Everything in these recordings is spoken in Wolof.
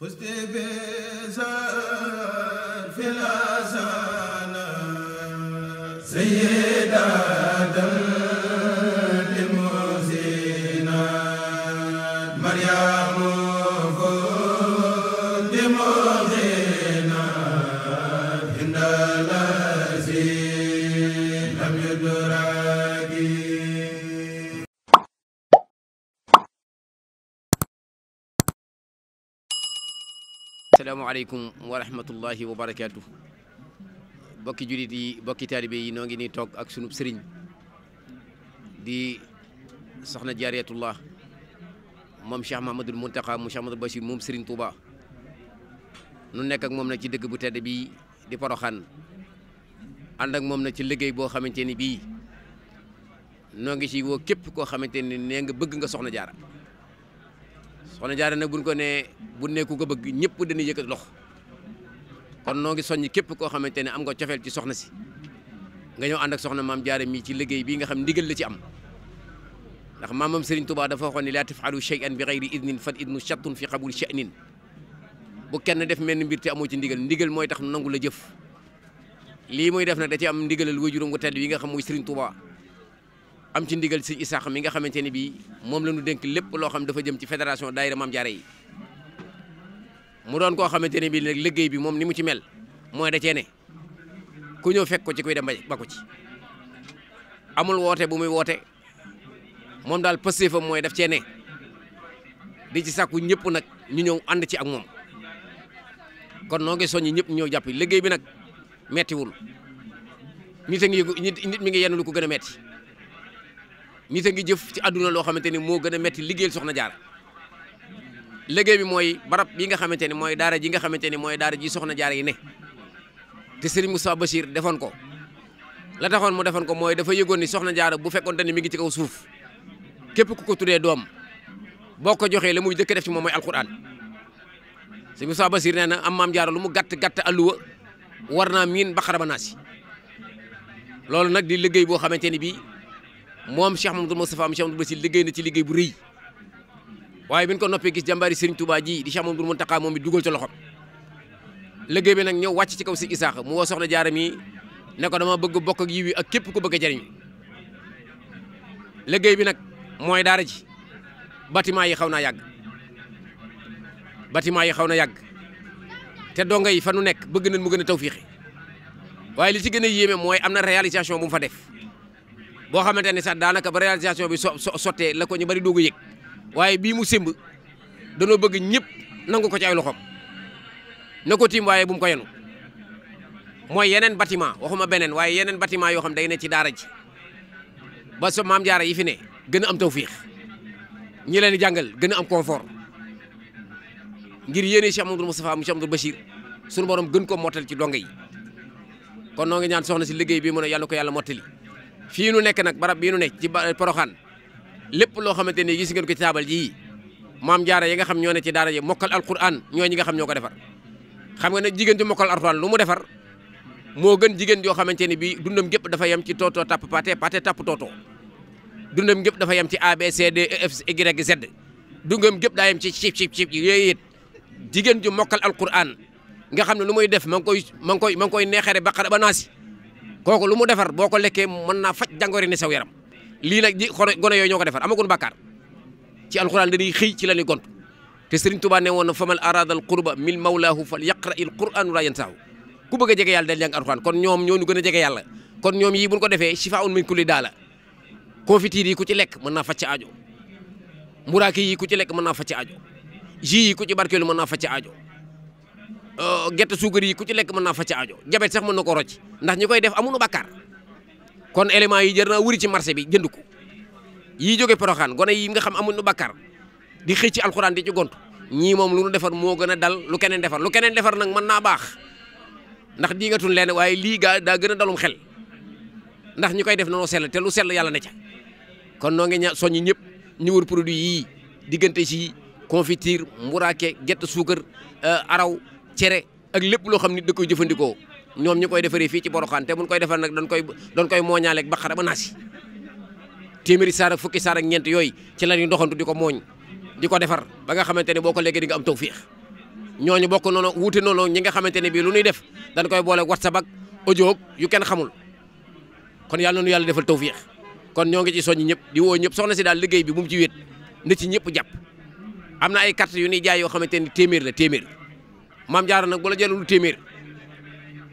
فزت بزار في الأزال سيدة المزينات مريم asalaamaaleykum wa rahmatullahi wa barakaatu bokki jullit yi bokki taalibe yi noo ngi nii toog ak sunub sëriñ di soxna jaariyatullah moom Cheikh Mahamadul Muntaqa mu Cheikh Mahamadul Bachir moom sëriñ Touba nu nekkak moom nag ci dëkk bu tedd bi di Poroxaan ànd ak moom nag ci liggéey boo xamante ni bii noo ngi ci woo képp koo xamante ni nee nga bëgg nga soxna jaara soxna jaare na buñ ko ne bu ne ku ko bëgg ñëpp dañuy yëkkat lox kon noo ngi soññ képp koo xamante ne am nga cofeel ci soxna si nga ñëw ànd ak soxna maam jaare mi ci liggéey bii nga xam ndigal la ci am ndax maamam Serigne Touba dafa waxoon ne laa tafaalu shay'an bi ghayri idnin fal idnu shattun fi qabul sha'nin bu kenn def mel ni mbir te amoo ci ndigal ndigal mooy tax nangu la jëf lii muy def nag da ci am ndigalal waajuram gu tedd yi nga xam mooy Serigne Touba am ci ndigal sëñ Isaax mi nga xamante ne bii moom la ñu dénk lépp loo xam dafa jëm ci fédération daayira Maam Jaara mu doon koo xamante ne bii nag liggéey bi moom ni mu ci mel mooy de cee ku ñëw fekk ko ci kuy dem ba ko ci amul woote bu muy woote moom daal pastéefam mooy def cee ne di ci sàkku ñëpp nag ñu ñëw ànd ci ak moom kon nooge ngi ñi ñëpp ñëw jàpp liggéey bi nag mettiwul nit a ñu nit mi ngi yenn lu ko gën a metti nit a ngi jëf ci àdduna loo xamante ni moo gën a metti liggéeyal soxna jaara liggéey bi mooy barab bii nga xamante ni mooy daara ji nga xamante ni mooy daara ji soxna jaara yi ne te Serigne Moussa Bachir defoon ko la taxoon mu defoon ko mooy dafa yëgoon ni soxna jaara bu fekkoonte ni mi ngi ci kaw suuf képp ku ko tuddee doom boo ko joxee la muy dëkk def ci moom mooy alquran Serigne Moussa Bachir nee na am maam jaara lu mu gàtt gàtt alluwa war naa miin baqara ba naasi loolu nag di liggéey boo xamante ni bii moom Cheikh Mamadou Moustapha am Cheikh Mamadou Bassir liggéey na ci bu rëy waaye bi ñu ko noppee gis jàmbaari Serigne Touba ji di Cheikh Mamadou Mountakha moom it dugal ca loxoom bi nag ñëw wàcc ci kaw si Isaaxa mu woo soxna jaaram yi ne ko bëgg bokk ak yiw ak képp ku bëgg a liggéey bi nag mooy daara ji bâtiment yi xaw na yàgg bâtiment yi xaw na yàgg te donga yi fa nu nekk bëgg nañ mu gën a tawfiixi waaye li ci gën a yéeme mooy am na réalisation bu mu fa def boo xamante ni sax daanaka ba réalisation bi so sottee la ko ñu bari doog a waaye bii mu simb danoo bëgg ñëpp nangu ko ci ay loxoom na ko tiim waaye bu mu ko yenu mooy yeneen bâtiment waxuma beneen waaye yeneen bâtiment yoo xam day ne ci daara ji ba so maam jaara yi fi ne gën a am tawfiix ñi leen di jàngal gën a am confort ngir yéene Cheikh Mamadou Moustapha mu Cheikh Mamadou Bachir sunu borom gën ko mottal ci donga yi kon noo ngi ñaan soxna si liggéey bi mu ne yàlla ko yàlla mottali fii nu nekk nag barab bii nu nekk ci Porokhane lépp loo xamante ni gis ngeen ko ci taabal ji maam jaara yi nga xam ñoo ne ci daara ji mokkal alquran ñoo ñi nga xam ñoo ko defar xam nga ne jigéen ju mokkal alquran lu mu defar moo gën jigéen joo xamante ni bii dundam gépp dafa yem ci tootoo tapp pate pate dundam gépp dafa yem ci A B C e, dundam gépp daa yem ci cib cib cib yooyu it jigéen ju mokkal alquran nga xam ne lu muy def ma ngi koy ma ngi koy ma ngi koy neexere baqara ba naasi kooku lu mu defar boo ko lekkee mën naa faj jàngoro ni saw yaram lii na ji xono gone yooyu ñoo ko defar amagun bàkkaar ci alxuraan dañuy xëy ci la ñuy gont te Serigne Touba ne woon na faman arada al qurba min mawlaahu fal yaqra il qur'anu la yansahu ku bëgg a jege yàlla del jàng alxuraan kon ñoom ñoo ñu gën a jege yàlla kon ñoom yii buñ ko defee shifaa'un min kulli daa la confiture yi ku ci lekk mën naa faj ca aajo mburaaki yi ku ci lekk mën naa faj ca aajo jus mën naa faj ca aajo Euh, gerte suukar yi ku ci lekk mën naa fa ci aajo jabet sax mën na ko rocc ndax ñi koy def amuñu bakkaar kon élément yi jar naa wuri ci marché bi jënd ko yii jóge poroxaan gone yii nga xam amuñu bakkaar di xëy ci alxuraan di ci ñii moom lu nu defar moo gën a dal lu keneen defar lu keneen defar nag mën naa baax ndax di nga tun leen waaye lii ga daa gën a dalum xel ndax ñi koy def na noonu sel te lu sel yàlla ne ca kon noo ngi ña soññ ñëpp ñu wër produit yii diggante ci confiture mburaake gerte suukar euh, cere ak lépp loo xam nit da koy jëfandikoo ñoom ñu koy defaree fii ci Porokhane te buñ koy defar nag dañ koy dañ koy mooñaaleeg baqara ba naasi téeméeri saar ak fukki saar ak ñeent yooyu ci la ñuy doxantu di ko mooñ di ko defar ba nga xamante ne boo ko lekkee di nga am tawfiix ñooñu bokk noonu wuute noonu ñi nga xamante ne bii lu ñuy def dan koy boole whatsapp ak audio yu kenn xamul kon yàlla nu yàlla defal tawfiix kon ñoo ngi ci soññ ñëpp di woo ñëpp soxna si daal liggéey bi bu mu ci wéet na ci ñëpp jàpp am na ay carte yu ñuy jaay yoo xamante ni téeméer la téeméer maam jaara nag bu la jëlul téeméer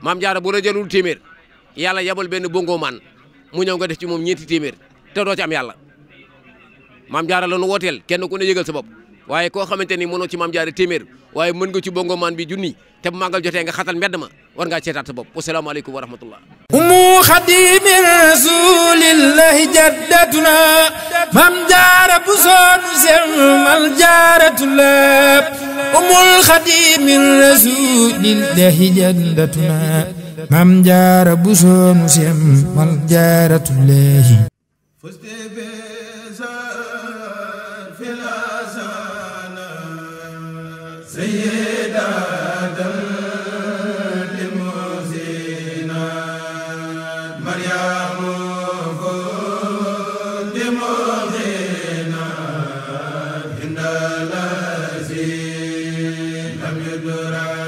maam jaara bu la jëlul téeméer yàlla yabal benn bongo man mu ñëw nga def ci moom ñeenti téeméer te doo ci am yàlla maam jaara la nu wooteel kenn ku ne yëgal sa bopp waaye koo xamante ni mënoo ci mam jaara téeméer waaye mën nga ci bongo maan bi junni te bu màggal jotee nga xatal mbedd ma war ngaa seetaat sa bopp wasalaamaaleykum wa rahmatullah جدتنا مام جارة بصون سلم الجارة لاب أم الخديم الرسول الله جدتنا مام جارة بصون سلم الجارة الله الذي لم يدرك